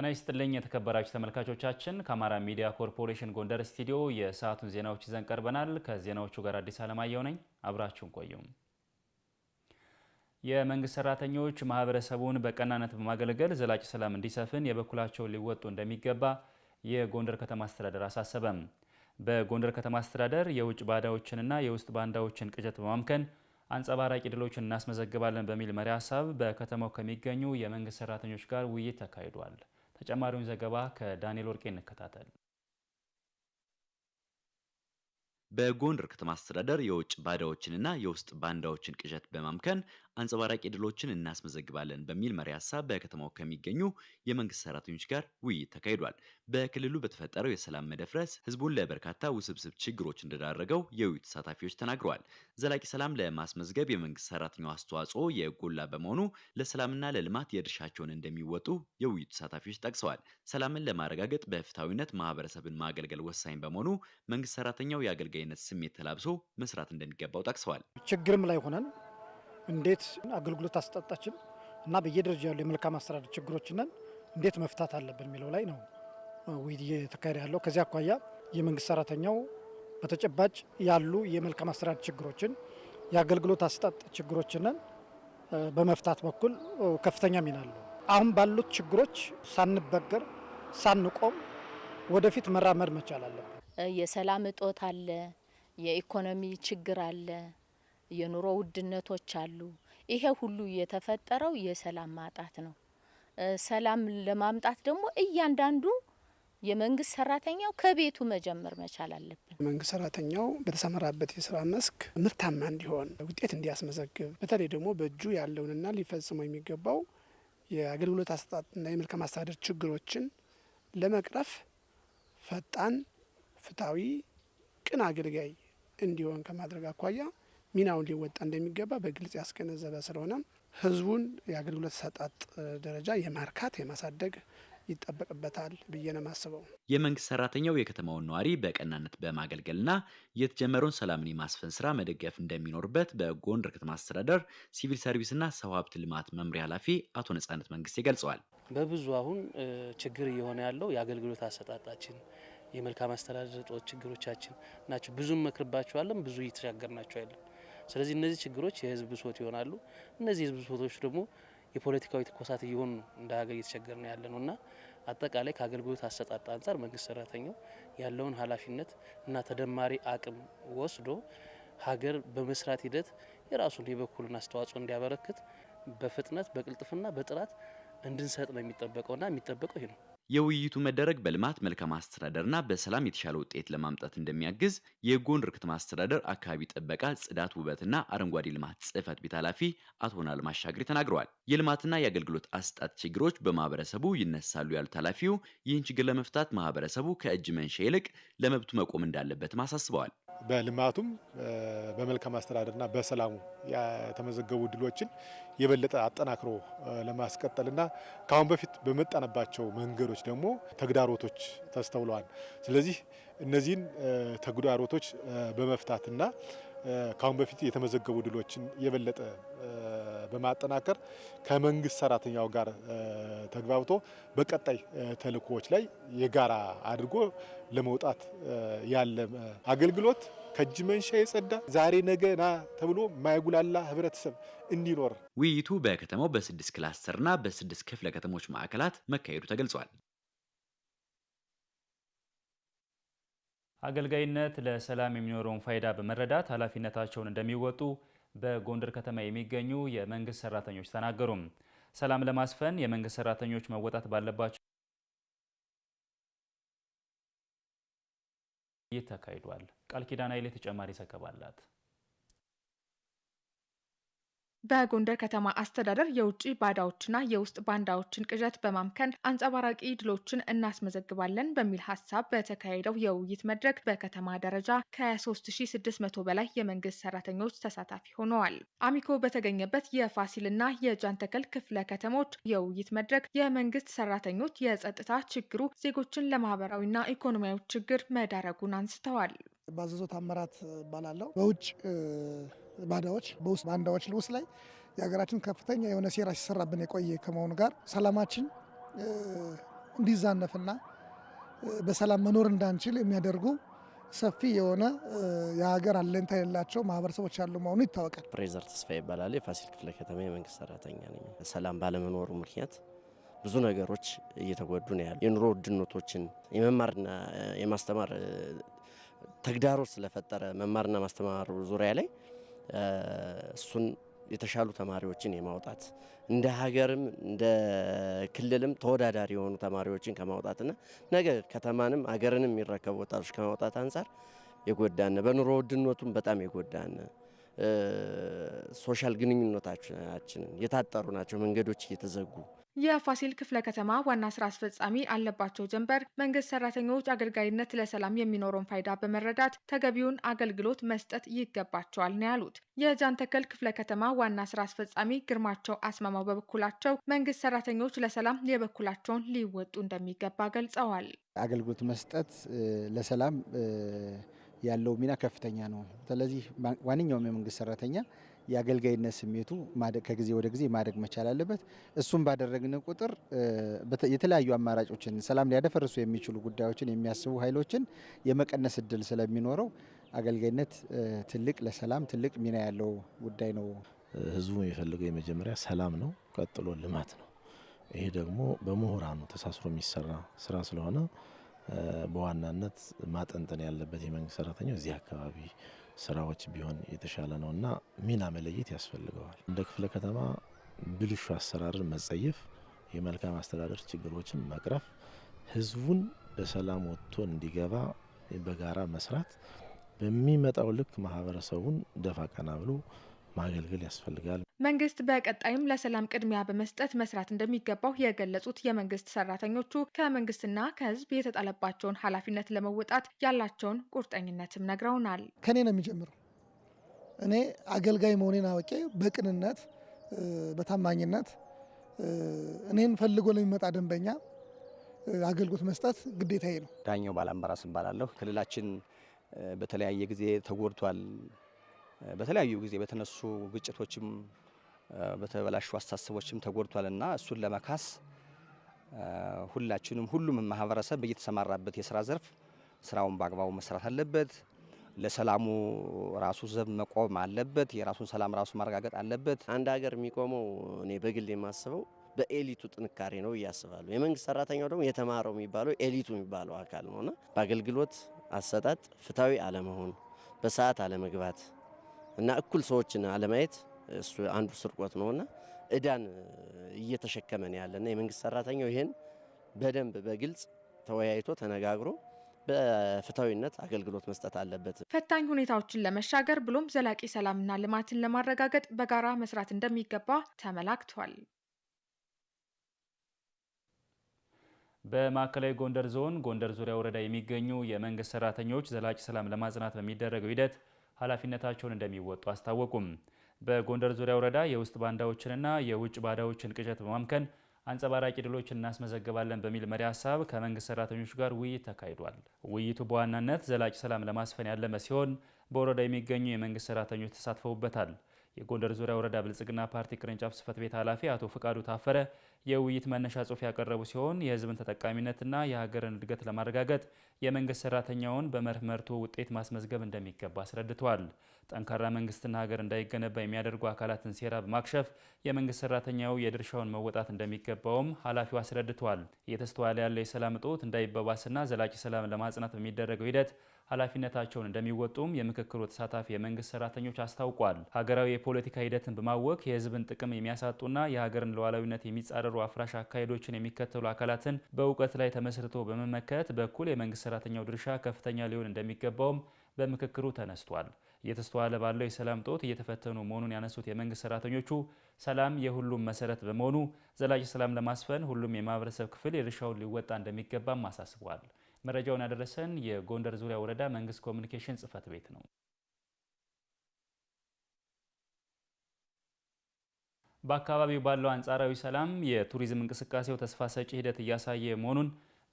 ጤና ይስጥልኝ የተከበራችሁ ተመልካቾቻችን፣ ከአማራ ሚዲያ ኮርፖሬሽን ጎንደር ስቱዲዮ የሰዓቱን ዜናዎች ይዘን ቀርበናል። ከዜናዎቹ ጋር አዲስ አለማየሁ ነኝ። አብራችሁን ቆዩ። የመንግስት ሰራተኞች ማህበረሰቡን በቀናነት በማገልገል ዘላቂ ሰላም እንዲሰፍን የበኩላቸውን ሊወጡ እንደሚገባ የጎንደር ከተማ አስተዳደር አሳሰበም። በጎንደር ከተማ አስተዳደር የውጭ ባዳዎችንና የውስጥ ባንዳዎችን ቅጀት በማምከን አንጸባራቂ ድሎችን እናስመዘግባለን በሚል መሪ ሀሳብ በከተማው ከሚገኙ የመንግስት ሰራተኞች ጋር ውይይት ተካሂዷል። ተጨማሪውን ዘገባ ከዳንኤል ወርቄ እንከታተል። በጎንደር ከተማ አስተዳደር የውጭ ባዳዎችንና የውስጥ ባንዳዎችን ቅዠት በማምከን አንጸባራቂ ድሎችን እናስመዘግባለን በሚል መሪ ሀሳብ በከተማው ከሚገኙ የመንግስት ሰራተኞች ጋር ውይይት ተካሂዷል። በክልሉ በተፈጠረው የሰላም መደፍረስ ህዝቡን ለበርካታ ውስብስብ ችግሮች እንደዳረገው የውይይቱ ተሳታፊዎች ተናግረዋል። ዘላቂ ሰላም ለማስመዝገብ የመንግስት ሰራተኛው አስተዋጽኦ የጎላ በመሆኑ ለሰላምና ለልማት የድርሻቸውን እንደሚወጡ የውይይቱ ተሳታፊዎች ጠቅሰዋል። ሰላምን ለማረጋገጥ በፍትሐዊነት ማህበረሰብን ማገልገል ወሳኝ በመሆኑ መንግስት ሰራተኛው የአገልጋይነት ስሜት ተላብሶ መስራት እንደሚገባው ጠቅሰዋል። ችግርም ላይ ሆነን እንዴት አገልግሎት አስጣጣችን እና በየደረጃ ያሉ የመልካም አስተዳደር ችግሮችን እንዴት መፍታት አለብን የሚለው ላይ ነው ውይይት እየተካሄደ ያለው። ከዚህ አኳያ የመንግስት ሰራተኛው በተጨባጭ ያሉ የመልካም አስተዳደር ችግሮችን የአገልግሎት አስጠጥ ችግሮችንን በመፍታት በኩል ከፍተኛ ሚና አለው። አሁን ባሉት ችግሮች ሳንበገር ሳንቆም ወደፊት መራመድ መቻል አለብን። የሰላም እጦት አለ፣ የኢኮኖሚ ችግር አለ። የኑሮ ውድነቶች አሉ። ይሄ ሁሉ የተፈጠረው የሰላም ማጣት ነው። ሰላም ለማምጣት ደግሞ እያንዳንዱ የመንግስት ሰራተኛው ከቤቱ መጀመር መቻል አለብን። መንግስት ሰራተኛው በተሰማራበት የስራ መስክ ምርታማ እንዲሆን ውጤት እንዲያስመዘግብ በተለይ ደግሞ በእጁ ያለውንና ሊፈጽመው የሚገባው የአገልግሎት አሰጣጥና የመልካም አስተዳደር ችግሮችን ለመቅረፍ ፈጣን፣ ፍትሐዊ፣ ቅን አገልጋይ እንዲሆን ከማድረግ አኳያ ሚናውን ሊወጣ እንደሚገባ በግልጽ ያስገነዘበ ስለሆነ ህዝቡን የአገልግሎት ሰጣጥ ደረጃ የማርካት የማሳደግ ይጠበቅበታል ብዬ ነው የማስበው። የመንግስት ሰራተኛው የከተማውን ነዋሪ በቀናነት በማገልገልና የተጀመረውን ሰላምን የማስፈን ስራ መደገፍ እንደሚኖርበት በጎንደር ከተማ አስተዳደር ሲቪል ሰርቪስና ሰው ሀብት ልማት መምሪያ ኃላፊ አቶ ነጻነት መንግስቴ ገልጸዋል። በብዙ አሁን ችግር እየሆነ ያለው የአገልግሎት አሰጣጣችን የመልካም አስተዳደር እጦት ችግሮቻችን ናቸው። ብዙም መክርባቸዋለን፣ ብዙ ናቸው ያለን ስለዚህ እነዚህ ችግሮች የህዝብ ብሶት ይሆናሉ። እነዚህ የህዝብ ብሶቶች ደግሞ የፖለቲካዊ ትኮሳት እየሆኑ እንደ ሀገር እየተቸገር ነው ያለ ነው እና አጠቃላይ ከአገልግሎት አሰጣጥ አንጻር መንግስት ሰራተኛው ያለውን ኃላፊነት እና ተደማሪ አቅም ወስዶ ሀገር በመስራት ሂደት የራሱን የበኩሉን አስተዋጽኦ እንዲያበረክት በፍጥነት በቅልጥፍና በጥራት እንድንሰጥ ነው ና የሚጠበቀው ይሄ ነው። የውይይቱ መደረግ በልማት መልካም አስተዳደርና በሰላም የተሻለ ውጤት ለማምጣት እንደሚያግዝ የጎን ርክት ማስተዳደር አካባቢ ጥበቃ፣ ጽዳት፣ ውበትና አረንጓዴ ልማት ጽህፈት ቤት ኃላፊ አቶ ናል ማሻገሪ ተናግረዋል። የልማትና የአገልግሎት አስጣት ችግሮች በማህበረሰቡ ይነሳሉ ያሉት ኃላፊው ይህን ችግር ለመፍታት ማህበረሰቡ ከእጅ መንሻ ይልቅ ለመብቱ መቆም እንዳለበትም አሳስበዋል። በልማቱም በመልካም አስተዳደርና በሰላሙ የተመዘገቡ ድሎችን የበለጠ አጠናክሮ ለማስቀጠልና ከአሁን በፊት በመጣንባቸው መንገዶች ደግሞ ተግዳሮቶች ተስተውለዋል። ስለዚህ እነዚህን ተግዳሮቶች በመፍታትና ከአሁን በፊት የተመዘገቡ ድሎችን የበለጠ በማጠናከር ከመንግስት ሰራተኛው ጋር ተግባብቶ በቀጣይ ተልእኮዎች ላይ የጋራ አድርጎ ለመውጣት ያለ አገልግሎት ከእጅ መንሻ የጸዳ ዛሬ ነገ ና ተብሎ ማይጉላላ ህብረተሰብ እንዲኖር ውይይቱ በከተማው በስድስት ክላስተር ና በስድስት ክፍለ ከተሞች ማዕከላት መካሄዱ ተገልጿል። አገልጋይነት ለሰላም የሚኖረውን ፋይዳ በመረዳት ኃላፊነታቸውን እንደሚወጡ በጎንደር ከተማ የሚገኙ የመንግስት ሰራተኞች ተናገሩ። ሰላም ለማስፈን የመንግስት ሰራተኞች መወጣት ባለባቸው ይህ ተካሂዷል። ቃል ኪዳን ኃይሌ ተጨማሪ ዘገባ አላት። በጎንደር ከተማ አስተዳደር የውጭ ባዳዎችና የውስጥ ባንዳዎችን ቅዠት በማምከን አንጸባራቂ ድሎችን እናስመዘግባለን በሚል ሀሳብ በተካሄደው የውይይት መድረክ በከተማ ደረጃ ከ3600 በላይ የመንግስት ሰራተኞች ተሳታፊ ሆነዋል። አሚኮ በተገኘበት የፋሲልና የጃንተከል ክፍለ ከተሞች የውይይት መድረክ የመንግስት ሰራተኞች የጸጥታ ችግሩ ዜጎችን ለማህበራዊና ኢኮኖሚያዊ ችግር መዳረጉን አንስተዋል። ባዘዞት አመራት ባላለው በውጭ ባዳዎች በውስጥ ባንዳዎች ውስጥ ላይ የሀገራችን ከፍተኛ የሆነ ሴራ ሲሰራብን የቆየ ከመሆኑ ጋር ሰላማችን እንዲዛነፍና በሰላም መኖር እንዳንችል የሚያደርጉ ሰፊ የሆነ የሀገር አለኝታ የሌላቸው ማህበረሰቦች ያሉ መሆኑ ይታወቃል። ፍሬዘር ተስፋ ይባላል። የፋሲል ክፍለ ከተማ የመንግስት ሰራተኛ ነኝ። ሰላም ባለመኖሩ ምክንያት ብዙ ነገሮች እየተጎዱ ነው ያሉ የኑሮ ውድነቶችን የመማርና የማስተማር ተግዳሮት ስለፈጠረ መማርና ማስተማሩ ዙሪያ ላይ እሱን የተሻሉ ተማሪዎችን የማውጣት እንደ ሀገርም እንደ ክልልም ተወዳዳሪ የሆኑ ተማሪዎችን ከማውጣትና ነገ ከተማንም ሀገርንም የሚረከቡ ወጣቶች ከማውጣት አንጻር የጎዳነ በኑሮ ውድነቱም በጣም የጎዳነ ሶሻል ግንኙነታችንን የታጠሩ ናቸው። መንገዶች እየተዘጉ የፋሲል ክፍለ ከተማ ዋና ስራ አስፈጻሚ አለባቸው ጀንበር መንግስት ሰራተኞች አገልጋይነት ለሰላም የሚኖረውን ፋይዳ በመረዳት ተገቢውን አገልግሎት መስጠት ይገባቸዋል ነው ያሉት። የጃንተከል ክፍለ ከተማ ዋና ስራ አስፈጻሚ ግርማቸው አስማማው በበኩላቸው መንግስት ሰራተኞች ለሰላም የበኩላቸውን ሊወጡ እንደሚገባ ገልጸዋል። አገልግሎት መስጠት ለሰላም ያለው ሚና ከፍተኛ ነው። ስለዚህ ማንኛውም የመንግስት ሰራተኛ የአገልጋይነት ስሜቱ ከጊዜ ወደ ጊዜ ማደግ መቻል አለበት። እሱም ባደረግን ቁጥር የተለያዩ አማራጮችን ሰላም ሊያደፈርሱ የሚችሉ ጉዳዮችን የሚያስቡ ኃይሎችን የመቀነስ እድል ስለሚኖረው አገልጋይነት ትልቅ ለሰላም ትልቅ ሚና ያለው ጉዳይ ነው። ህዝቡ የፈለገው የመጀመሪያ ሰላም ነው፣ ቀጥሎ ልማት ነው። ይሄ ደግሞ በምሁራኑ ተሳስሮ የሚሰራ ስራ ስለሆነ በዋናነት ማጠንጠን ያለበት የመንግስት ሰራተኛ እዚህ አካባቢ ስራዎች ቢሆን የተሻለ ነው እና ሚና መለየት ያስፈልገዋል። እንደ ክፍለ ከተማ ብልሹ አሰራርን መጸየፍ፣ የመልካም አስተዳደር ችግሮችን መቅረፍ፣ ህዝቡን በሰላም ወጥቶ እንዲገባ በጋራ መስራት፣ በሚመጣው ልክ ማህበረሰቡን ደፋ ቀና ብሎ ማገልገል ያስፈልጋል። መንግስት በቀጣይም ለሰላም ቅድሚያ በመስጠት መስራት እንደሚገባው የገለጹት የመንግስት ሰራተኞቹ ከመንግስትና ከህዝብ የተጣለባቸውን ኃላፊነት ለመወጣት ያላቸውን ቁርጠኝነትም ነግረውናል። ከኔ ነው የሚጀምረው። እኔ አገልጋይ መሆኔን አውቄ በቅንነት በታማኝነት እኔን ፈልጎ ለሚመጣ ደንበኛ አገልግሎት መስጠት ግዴታዬ ነው። ዳኛው ባላምባራስ እባላለሁ። ክልላችን በተለያየ ጊዜ ተጎድቷል። በተለያዩ ጊዜ በተነሱ ግጭቶችም በተበላሹ አስተሳሰቦችም ተጎድቷልና እሱን ለመካስ ሁላችንም ሁሉም ማህበረሰብ በየተሰማራበት የስራ ዘርፍ ስራውን በአግባቡ መስራት አለበት። ለሰላሙ ራሱ ዘብ መቆም አለበት። የራሱን ሰላም ራሱ ማረጋገጥ አለበት። አንድ ሀገር የሚቆመው እኔ በግል የማስበው በኤሊቱ ጥንካሬ ነው እያስባሉ። የመንግስት ሰራተኛው ደግሞ የተማረው የሚባለው ኤሊቱ የሚባለው አካል ነውና በአገልግሎት አሰጣጥ ፍትዊ አለመሆን፣ በሰዓት አለመግባት እና እኩል ሰዎችን አለማየት እሱ አንዱ ስርቆት ነውና እዳን እየተሸከመን ያለና የመንግስት ሰራተኛው ይሄን በደንብ በግልጽ ተወያይቶ ተነጋግሮ በፍትሐዊነት አገልግሎት መስጠት አለበት። ፈታኝ ሁኔታዎችን ለመሻገር ብሎም ዘላቂ ሰላምና ልማትን ለማረጋገጥ በጋራ መስራት እንደሚገባ ተመላክቷል። በማዕከላዊ ጎንደር ዞን ጎንደር ዙሪያ ወረዳ የሚገኙ የመንግስት ሰራተኞች ዘላቂ ሰላም ለማጽናት በሚደረገው ሂደት ኃላፊነታቸውን እንደሚወጡ አስታወቁም። በጎንደር ዙሪያ ወረዳ የውስጥ ባንዳዎችንና የውጭ ባዳዎችን ቅዠት በማምከን አንጸባራቂ ድሎች እናስመዘግባለን በሚል መሪ ሀሳብ ከመንግስት ሰራተኞች ጋር ውይይት ተካሂዷል። ውይይቱ በዋናነት ዘላቂ ሰላም ለማስፈን ያለመ ሲሆን በወረዳ የሚገኙ የመንግስት ሰራተኞች ተሳትፈውበታል። የጎንደር ዙሪያ ወረዳ ብልጽግና ፓርቲ ቅርንጫፍ ጽህፈት ቤት ኃላፊ አቶ ፍቃዱ ታፈረ የውይይት መነሻ ጽሑፍ ያቀረቡ ሲሆን የህዝብን ተጠቃሚነትና የሀገርን እድገት ለማረጋገጥ የመንግስት ሰራተኛውን በመርህ መርቶ ውጤት ማስመዝገብ እንደሚገባ አስረድቷል። ጠንካራ መንግስትና ሀገር እንዳይገነባ የሚያደርጉ አካላትን ሴራ በማክሸፍ የመንግስት ሰራተኛው የድርሻውን መወጣት እንደሚገባውም ኃላፊው አስረድቷል። እየተስተዋለ ያለው የሰላም እጦት እንዳይባባስና ዘላቂ ሰላም ለማጽናት በሚደረገው ሂደት ኃላፊነታቸውን እንደሚወጡም የምክክሩ ተሳታፊ የመንግስት ሰራተኞች አስታውቋል። ሀገራዊ የፖለቲካ ሂደትን በማወክ የህዝብን ጥቅም የሚያሳጡና የሀገርን ሉዓላዊነት የሚጻረሩ አፍራሽ አካሄዶችን የሚከተሉ አካላትን በእውቀት ላይ ተመስርቶ በመመከት በኩል የመንግስት የሰራተኛው ድርሻ ከፍተኛ ሊሆን እንደሚገባውም በምክክሩ ተነስቷል። እየተስተዋለ ባለው የሰላም ጦት እየተፈተኑ መሆኑን ያነሱት የመንግስት ሰራተኞቹ ሰላም የሁሉም መሰረት በመሆኑ ዘላቂ ሰላም ለማስፈን ሁሉም የማህበረሰብ ክፍል የድርሻውን ሊወጣ እንደሚገባም አሳስቧል። መረጃውን ያደረሰን የጎንደር ዙሪያ ወረዳ መንግስት ኮሚኒኬሽን ጽህፈት ቤት ነው። በአካባቢው ባለው አንጻራዊ ሰላም የቱሪዝም እንቅስቃሴው ተስፋ ሰጪ ሂደት እያሳየ መሆኑን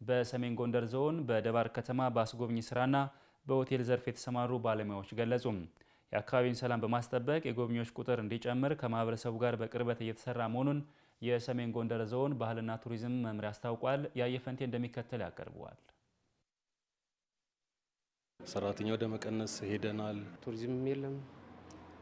በሰሜን ጎንደር ዞን በደባር ከተማ በአስጎብኝ ስራና በሆቴል ዘርፍ የተሰማሩ ባለሙያዎች ገለጹ። የአካባቢውን ሰላም በማስጠበቅ የጎብኚዎች ቁጥር እንዲጨምር ከማህበረሰቡ ጋር በቅርበት እየተሰራ መሆኑን የሰሜን ጎንደር ዞን ባህልና ቱሪዝም መምሪያ አስታውቋል። ያየፈንቴ እንደሚከተል ያቀርበዋል። ሰራተኛ ወደ መቀነስ ሄደናል። ቱሪዝም የለም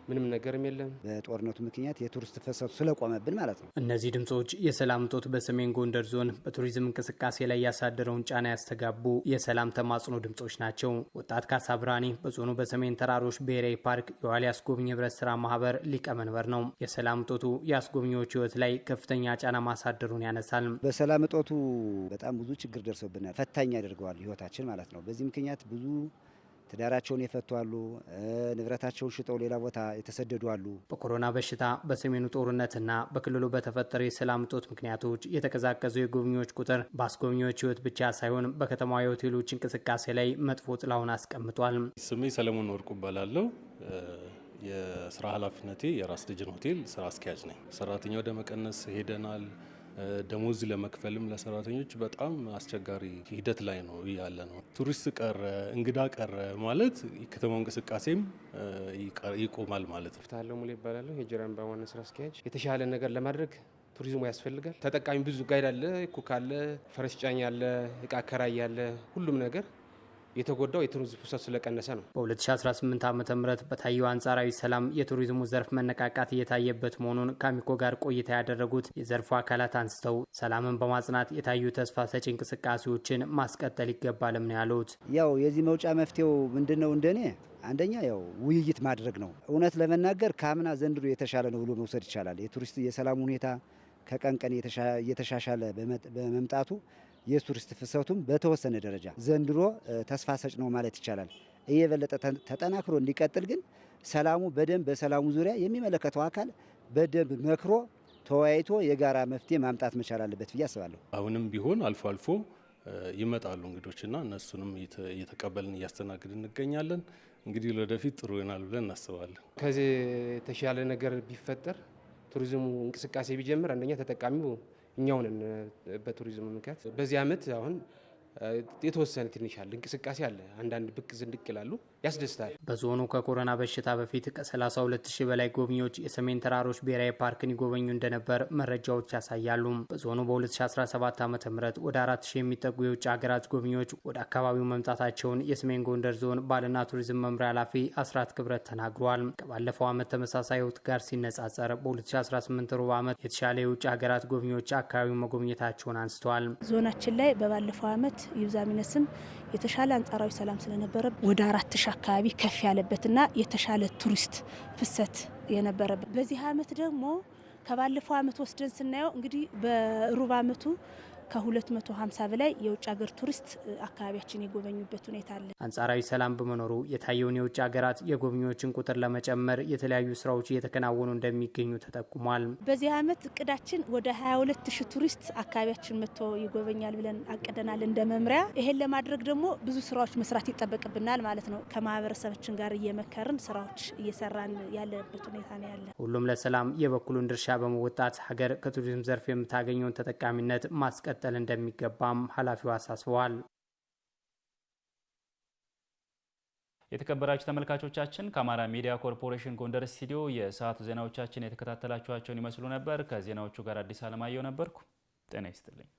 ምንም ነገርም የለም። በጦርነቱ ምክንያት የቱሪስት ፍሰቱ ስለቆመብን ማለት ነው። እነዚህ ድምፆች የሰላም እጦት በሰሜን ጎንደር ዞን በቱሪዝም እንቅስቃሴ ላይ ያሳደረውን ጫና ያስተጋቡ የሰላም ተማጽኖ ድምፆች ናቸው። ወጣት ካሳ ብርሃኔ በዞኑ በሰሜን ተራሮች ብሔራዊ ፓርክ የዋል አስጎብኝ ህብረት ስራ ማህበር ሊቀመንበር ነው። የሰላም እጦቱ የአስጎብኚዎች ህይወት ላይ ከፍተኛ ጫና ማሳደሩን ያነሳል። በሰላም እጦቱ በጣም ብዙ ችግር ደርሶብናል። ፈታኝ ያደርገዋል ህይወታችን ማለት ነው። በዚህ ምክንያት ብዙ ትዳራቸውን የፈቱ አሉ፣ ንብረታቸውን ሽጠው ሌላ ቦታ የተሰደዱ አሉ። በኮሮና በሽታ በሰሜኑ ጦርነትና በክልሉ በተፈጠረው የሰላም እጦት ምክንያቶች የተቀዛቀዙ የጎብኚዎች ቁጥር በአስጎብኚዎች ሕይወት ብቻ ሳይሆን በከተማ የሆቴሎች እንቅስቃሴ ላይ መጥፎ ጥላውን አስቀምጧል። ስሜ ሰለሞን ወርቁ እባላለሁ። የስራ ኃላፊነቴ የራስ ልጅን ሆቴል ስራ አስኪያጅ ነኝ። ሰራተኛ ወደ መቀነስ ሄደናል። ደሞዝ ለመክፈልም ለሰራተኞች በጣም አስቸጋሪ ሂደት ላይ ነው ያለ ነው። ቱሪስት ቀረ፣ እንግዳ ቀረ ማለት የከተማው እንቅስቃሴም ይቆማል ማለት ነው። ፍትሀለው ሙሉ ይባላሉ። የጅራን በዋና ስራ አስኪያጅ የተሻለ ነገር ለማድረግ ቱሪዝሙ ያስፈልጋል። ተጠቃሚ ብዙ ጋይድ አለ፣ ኩክ አለ፣ ፈረስ ጫኝ አለ፣ እቃ ከራይ አለ፣ ሁሉም ነገር የተጎዳው የቱሪዝም ፍሰት ስለቀነሰ ነው። በ2018 ዓ ም በታየው አንጻራዊ ሰላም የቱሪዝሙ ዘርፍ መነቃቃት እየታየበት መሆኑን ከአሚኮ ጋር ቆይታ ያደረጉት የዘርፉ አካላት አንስተው ሰላምን በማጽናት የታዩ ተስፋ ሰጪ እንቅስቃሴዎችን ማስቀጠል ይገባልም ነው ያሉት። ያው የዚህ መውጫ መፍትሄው ምንድን ነው? እንደኔ አንደኛ ያው ውይይት ማድረግ ነው። እውነት ለመናገር ከአምና ዘንድሮ የተሻለ ነው ብሎ መውሰድ ይቻላል። የቱሪስት የሰላም ሁኔታ ከቀን ቀን እየተሻሻለ በመምጣቱ የቱሪስት ፍሰቱም በተወሰነ ደረጃ ዘንድሮ ተስፋ ሰጭ ነው ማለት ይቻላል። እየበለጠ ተጠናክሮ እንዲቀጥል ግን ሰላሙ በደንብ በሰላሙ ዙሪያ የሚመለከተው አካል በደንብ መክሮ ተወያይቶ የጋራ መፍትሄ ማምጣት መቻል አለበት ብዬ አስባለሁ። አሁንም ቢሆን አልፎ አልፎ ይመጣሉ እንግዶችና እነሱንም እየተቀበልን እያስተናግድ እንገኛለን። እንግዲህ ለወደፊት ጥሩ ይሆናል ብለን እናስባለን። ከዚህ የተሻለ ነገር ቢፈጠር ቱሪዝሙ እንቅስቃሴ ቢጀምር አንደኛ ተጠቃሚው እኛውን በቱሪዝም ምክንያት በዚህ ዓመት አሁን የተወሰነ ትንሽ አለ እንቅስቃሴ አለ። አንዳንድ ብቅ ዝንድቅ ይላሉ፣ ያስደስታል። በዞኑ ከኮሮና በሽታ በፊት ከ32 ሺህ በላይ ጎብኚዎች የሰሜን ተራሮች ብሔራዊ ፓርክን ይጎበኙ እንደነበር መረጃዎች ያሳያሉ። በዞኑ በ2017 ዓ ም ወደ 4 ሺህ የሚጠጉ የውጭ ሀገራት ጎብኚዎች ወደ አካባቢው መምጣታቸውን የሰሜን ጎንደር ዞን ባህልና ቱሪዝም መምሪያ ኃላፊ አስራት ክብረት ተናግሯል። ከባለፈው ዓመት ተመሳሳይ ወቅት ጋር ሲነጻጸር በ2018 ሩብ ዓመት የተሻለ የውጭ ሀገራት ጎብኚዎች አካባቢው መጎብኘታቸውን አንስተዋል። ዞናችን ላይ በባለፈው ዓመት ይብዛሚነት ስም የተሻለ አንጻራዊ ሰላም ስለነበረ ወደ አራት ሺ አካባቢ ከፍ ያለበትና የተሻለ ቱሪስት ፍሰት የነበረበት በዚህ አመት ደግሞ ከባለፈው አመት ወስደን ስናየው እንግዲህ በሩብ አመቱ ከ250 በላይ የውጭ ሀገር ቱሪስት አካባቢያችን የጎበኙበት ሁኔታ አለ። አንጻራዊ ሰላም በመኖሩ የታየውን የውጭ ሀገራት የጎብኚዎችን ቁጥር ለመጨመር የተለያዩ ስራዎች እየተከናወኑ እንደሚገኙ ተጠቁሟል። በዚህ ዓመት እቅዳችን ወደ 22 ሺህ ቱሪስት አካባቢያችን መጥቶ ይጎበኛል ብለን አቅደናል እንደ መምሪያ። ይሄን ለማድረግ ደግሞ ብዙ ስራዎች መስራት ይጠበቅብናል ማለት ነው። ከማህበረሰባችን ጋር እየመከርን ስራዎች እየሰራን ያለበት ሁኔታ ነው ያለ። ሁሉም ለሰላም የበኩሉን ድርሻ በመወጣት ሀገር ከቱሪዝም ዘርፍ የምታገኘውን ተጠቃሚነት ማስቀ መቀጠል እንደሚገባም ኃላፊው አሳስበዋል። የተከበራችሁ ተመልካቾቻችን ከአማራ ሚዲያ ኮርፖሬሽን ጎንደር ስቱዲዮ የሰዓቱ ዜናዎቻችን የተከታተላችኋቸውን ይመስሉ ነበር። ከዜናዎቹ ጋር አዲስ አለማየሁ ነበርኩ። ጤና ይስጥልኝ።